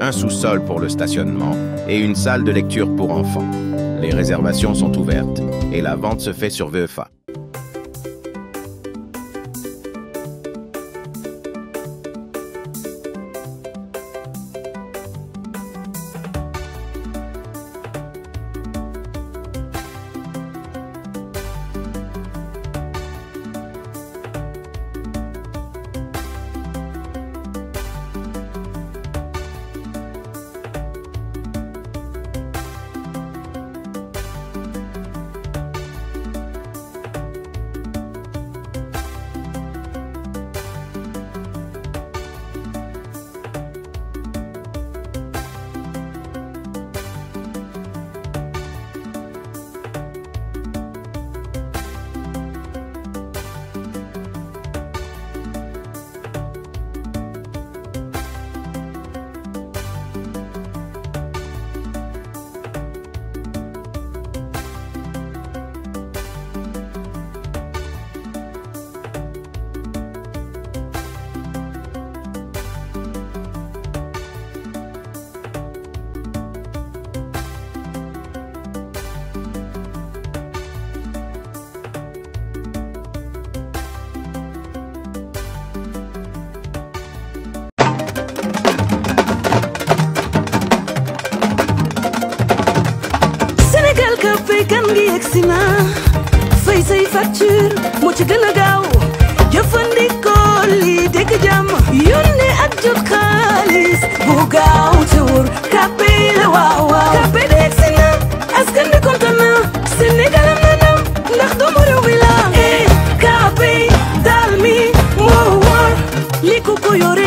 un sous-sol pour le stationnement et une salle de lecture pour enfants. Les réservations sont ouvertes et la vente se fait sur VEFA. yegsi na fay say facture moo ci gën a gaaw jëfandikoo lii dégg jàmm yónnee ak jot xaalis bu gaaw te wóor kàppe la waaw waaw kàppe de yegsi na askan bi kontaan na Sénégal am na ndam ndax doomu réew mi la eh kàppe daal mi moo wóor li ko ko yore